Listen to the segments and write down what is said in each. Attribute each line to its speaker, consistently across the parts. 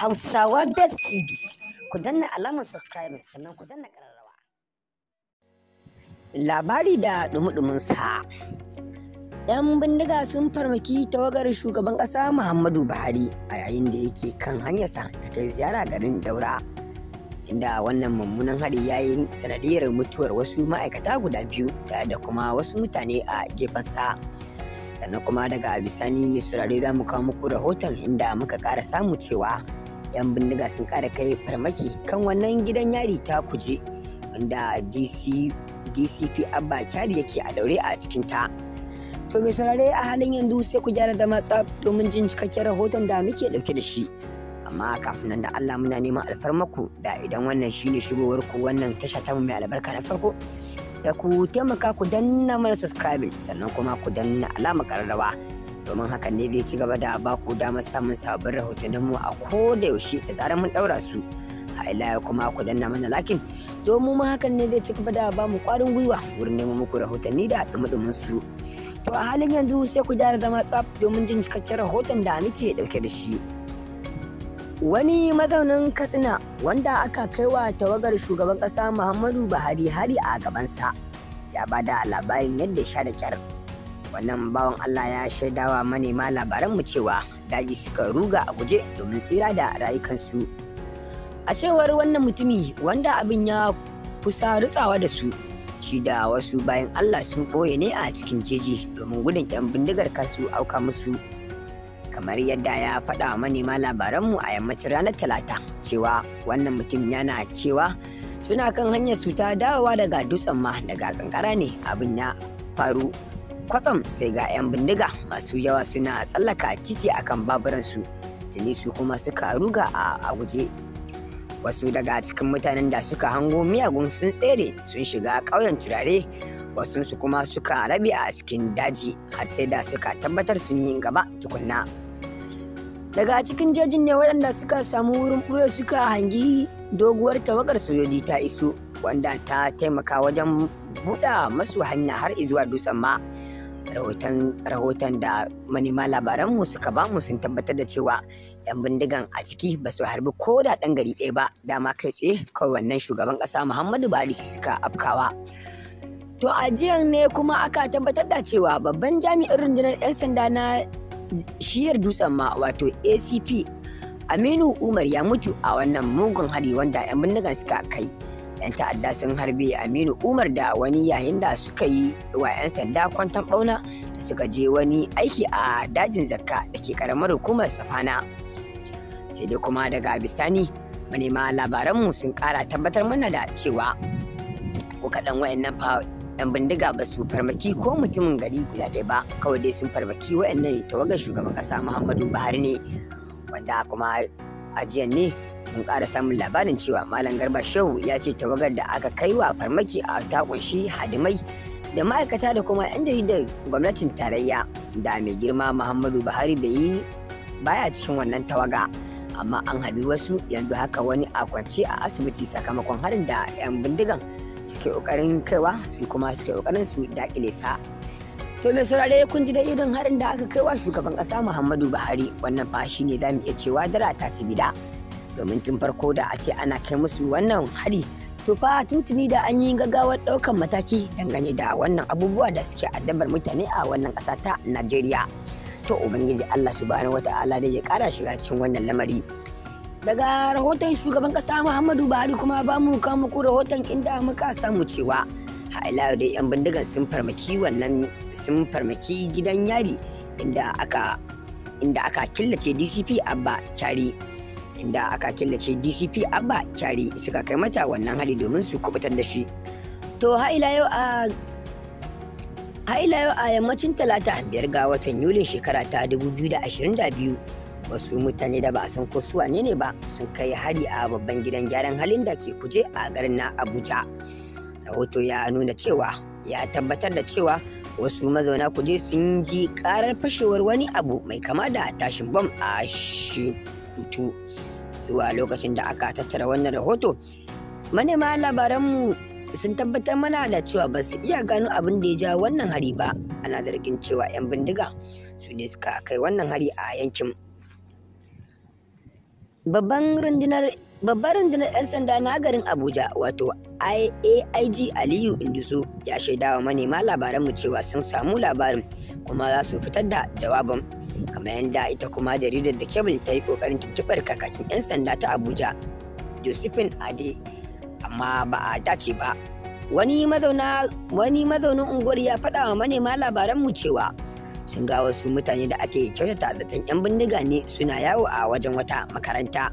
Speaker 1: Hausawa Best TV. Ku danna alamar subscribe sannan ku danna kararrawa. Labari da dumudumin sa. ‘Yan bindiga sun farmaki tawagar shugaban ƙasa Muhammadu Buhari a yayin da yake kan hanyarsa ta kai ziyara garin Daura. Inda wannan mummunan hari yayi yi sanadiyar mutuwar wasu ma'aikata guda biyu da kuma wasu mutane a gefensa. sannan kuma daga bisani mai saurare za mu kawo muku rahoton inda muka ƙara samu cewa 'yan bindiga sun kara kai farmaki kan wannan gidan yari ta kuje wanda dcp abba kyari yake a daure a cikin ta to mai saurare a halin yanzu sai ku gyara zama tsaf domin jin cikakken rahoton da muke dauke da shi amma kafin nan da Allah muna neman alfarmaku da idan wannan shine shigowar ku wannan tasha ta mai albarka na farko da ku taimaka ku danna mana subscribing sannan kuma ku danna alama kararrawa domin hakan ne zai ci gaba da ba ku damar samun sabbin rahotanninmu a ko da yaushe da zarar mun daura su a ila kuma ku danna mana lakin domin ma hakan ne zai ci gaba da ba mu kwarin gwiwa wurin neman muku rahotanni da dumudumin su to a halin yanzu sai ku gyara zama tsaf domin jin cikakken rahoton da muke dauke da shi wani mazaunin katsina wanda aka kaiwa tawagar shugaban kasa muhammadu buhari hari a gabansa ya bada labarin yadda ya sha da kyar wannan bawan Allah ya shaidawa manema labaranmu cewa daji suka ruga a guje domin tsira da rayukansu a cewar wannan mutumi wanda abin ya kusa rutsawa da su shi da wasu bayan Allah sun ɓoye ne a cikin jeji domin gudun 'yan bindigar kasu auka musu kamar yadda ya faɗa wa manema labaranmu a yammacin ranar talata cewa wannan mutum yana cewa suna kan hanyar su ta dawowa daga dutsen ma daga kankara ne abin ya faru kwatsam sai ga 'yan bindiga masu yawa suna tsallaka titi akan baburansu tuni su kuma suka ruga a aguje wasu daga cikin mutanen da suka hango miyagun sun tsere sun shiga ƙauyen turare wasunsu kuma suka rabe a cikin daji har sai da suka tabbatar sun yi gaba tukunna daga cikin jejin ne waɗanda suka samu wurin ɓuya suka hangi doguwar tawagar sojoji ta iso wanda ta taimaka wajen buɗa masu hanya har izuwa dutsen ma rahoton da manema labaran mu suka ba mu sun tabbatar da cewa 'yan bindigan a ciki ba su harbi ko da ɗan gari ɗaya ba dama kai tsaye kawai wannan shugaban ƙasa muhammadu buhari suka afkawa to a jiyan ne kuma aka tabbatar da cewa babban jami'in rundunar 'yan sanda na shiyar dutsen ma wato acp aminu umar ya mutu a wannan mugun hari wanda 'yan bindigan suka kai 'yan ta'adda sun harbe aminu umar da wani yayin da suka yi wa 'yan sanda kwantan ɓauna da suka je wani aiki a dajin zakka da ke karamar hukumar safana sai dai kuma daga bisani manema labaranmu sun kara tabbatar mana da cewa ko kaɗan wayannan fa 'yan bindiga ba su farmaki ko mutumin gari guda ɗaya ba kawai dai sun farmaki wayannan tawagar shugaban ƙasa muhammadu buhari ne wanda kuma ajiyan ne mun kara samun labarin cewa malam garba shehu ya ce tawagar da aka kai wa farmaki a ta kunshi hadimai da ma'aikata da kuma 'yan jaridar gwamnatin tarayya da mai girma muhammadu buhari bai yi baya cikin wannan tawaga amma an harbi wasu yanzu haka wani a kwance a asibiti sakamakon harin da 'yan bindigan suke ƙoƙarin kaiwa su kuma suke ƙoƙarin su daƙile sa To mai saurare kun ji da irin harin da aka kai shugaban ƙasa Muhammadu Buhari wannan fa shine zamu iya cewa dara ta ci gida. domin tun farko da a ce ana kai musu wannan hari to fa tuntuni da an yi gaggawar ɗaukan mataki dangane da wannan abubuwa da suke addabar mutane a wannan ƙasa ta najeriya to ubangiji allah subhanahu wata'ala da ya kara shiga cikin wannan lamari daga rahoton shugaban ƙasa muhammadu buhari kuma ba mu kawo muku rahoton inda muka samu cewa ila da yan bindigan sun farmaki wannan sun farmaki gidan yari inda aka inda aka killace dcp abba kyari inda aka killace dcp abba kyari suka kai mata wannan hari domin su kubutar da shi to ha ila yau a yammacin talata biyar ga watan yulin shekara ta 2022 wasu mutane da ba a san ko su ne ba sun kai hari a babban gidan gyaran halin da ke kuje a garin na abuja rahoto ya nuna cewa ya tabbatar da cewa wasu mazauna kuje sun ji karar fashewar wani abu mai kama da tashin bom a shekutu zuwa lokacin da aka tattara wannan rahoto manema labaranmu sun tabbatar mana da cewa ba su iya gano abin da ya ja wannan hari ba ana zargin cewa 'yan bindiga su ne suka kai wannan hari a yankin babban rundunar Babbar rundunar 'yan sanda na garin Abuja wato IAIG Aliyu Indusu ya shaida wa manema labaranmu cewa sun samu labarin kuma za su fitar da jawabin. Kamar yadda ita kuma jaridar da kebul ta yi kokarin tuntubar kakakin 'yan sanda ta Abuja Josephine Ade amma ba a dace ba. Wani mazaunin unguwar ya faɗa wa manema labaranmu cewa sun ga wasu mutane da ake kyautata zaton 'yan bindiga ne suna yawo a wajen wata makaranta.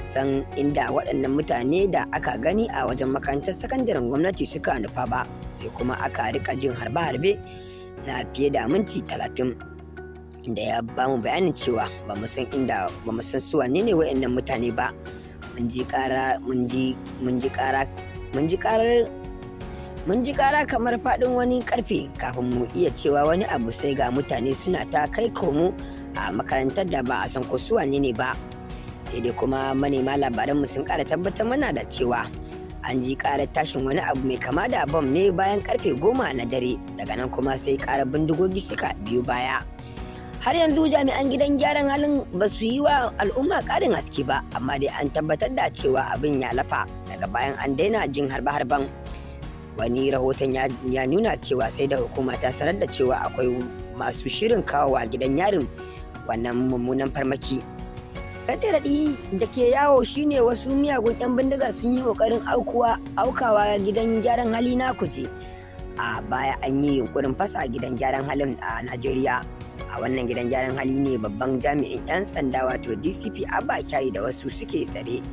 Speaker 1: san inda waɗannan mutane da aka gani a wajen makarantar sakandaren gwamnati suka nufa ba sai kuma aka rika jin harbe-harbe na fiye da minti talatin da ya ba mu bayanin cewa ba mu san inda ba mu san su wane ne waɗannan mutane ba mun ji ƙara mun ji ƙara kamar faɗin wani ƙarfe kafin mu iya cewa wani abu sai ga mutane suna ta kai komo a makarantar da ba a san ko su wane ne ba sai dai kuma manema labaranmu sun kara tabbatar mana da cewa an ji karar tashin wani abu mai kama da bom ne bayan karfe goma na dare daga nan kuma sai karar bindigogi suka biyu baya har yanzu jami'an gidan gyaran halin ba su yi wa al'umma karin haske ba amma dai an tabbatar da cewa abin ya lafa daga bayan an daina jin harba-harban wani rahoton ya nuna cewa sai da hukuma ta sanar da cewa akwai masu shirin kawowa gidan yarin wannan mummunan farmaki Rade raɗi da ke yawo shine wasu miyagun 'yan bindiga sun yi ƙoƙarin aukawa gidan gyaran hali na kuje. A baya an yi yunkurin fasa gidan gyaran halin a Najeriya. A wannan gidan gyaran hali ne babban jami'in 'yan sanda wato DCP Abba Kyayi da wasu suke tsare.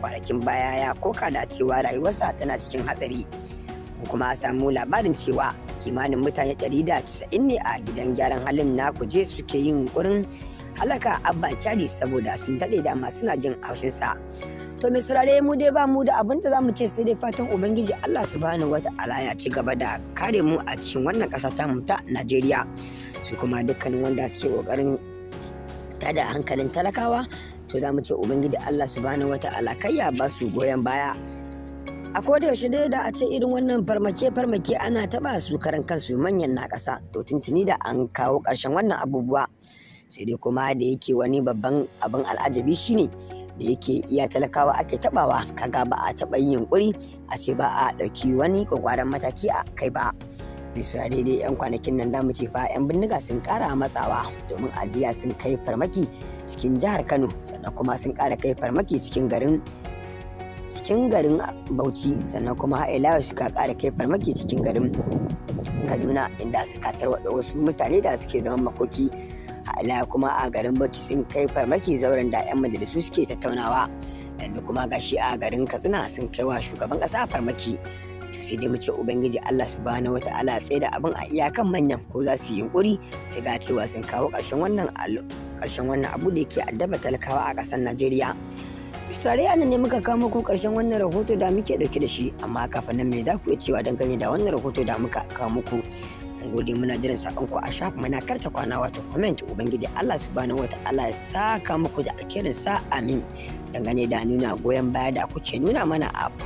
Speaker 1: Kwanakin baya ya koka da cewa rayuwarsa tana cikin hatsari. kuma samu labarin cewa kimanin mutane 190 ne a gidan gyaran halin na kuje suke yin yunkurin halaka abba kyari saboda sun daɗe dama suna jin haushinsa to mai saurare mu dai ba mu da abin da zamu ce sai dai fatan ubangiji allah subhanahu wata'ala ya ci gaba da kare mu a cikin wannan ƙasa ta mu ta najeriya su kuma dukkanin wanda suke ƙoƙarin tada hankalin talakawa to za mu ce ubangiji allah subhanahu wata'ala kai ya ba su goyon baya a koda yaushe dai da a ce irin wannan farmake farmake ana taba su karan kansu manyan na ƙasa to tuntuni da an kawo ƙarshen wannan abubuwa sai dai kuma da yake wani babban abin al'ajabi shine da yake iya talakawa ake tabawa kaga ba a taba yin yunkuri a ce ba a ɗauki wani kwakwaran mataki a kai ba bisa daidai 'yan kwanakin nan zamu ce fa 'yan bindiga sun kara matsawa domin ajiya sun kai farmaki cikin jihar kano sannan kuma sun kara kai farmaki cikin garin cikin garin bauchi sannan kuma ilawa suka kara kai farmaki cikin garin kaduna inda suka tarwatsa wasu mutane da suke zaman makoki hala kuma a garin bacci sun kai farmaki zauren da 'yan majalisu suke tattaunawa yanzu kuma gashi a garin katsina sun kai wa shugaban ƙasa farmaki to sai dai mu ce ubangiji Allah subhanahu wata'ala tsaye da abin a iyakan manyan ko za su yi yunkuri sai ga cewa sun kawo ƙarshen wannan ƙarshen wannan abu da yake addaba talakawa a ƙasar Najeriya. Sare a ne muka kawo muku ƙarshen wannan rahoto da muke ɗauke da shi amma kafin nan mai ku ya cewa dangane da wannan rahoto da muka kawo muku gode muna jiran sakonku a shafin mana karta kwana wato comment ubangiji Allah subhanahu wata'ala ya saka muku da alkhairin sa amin dangane da nuna goyon baya da kuke nuna mana a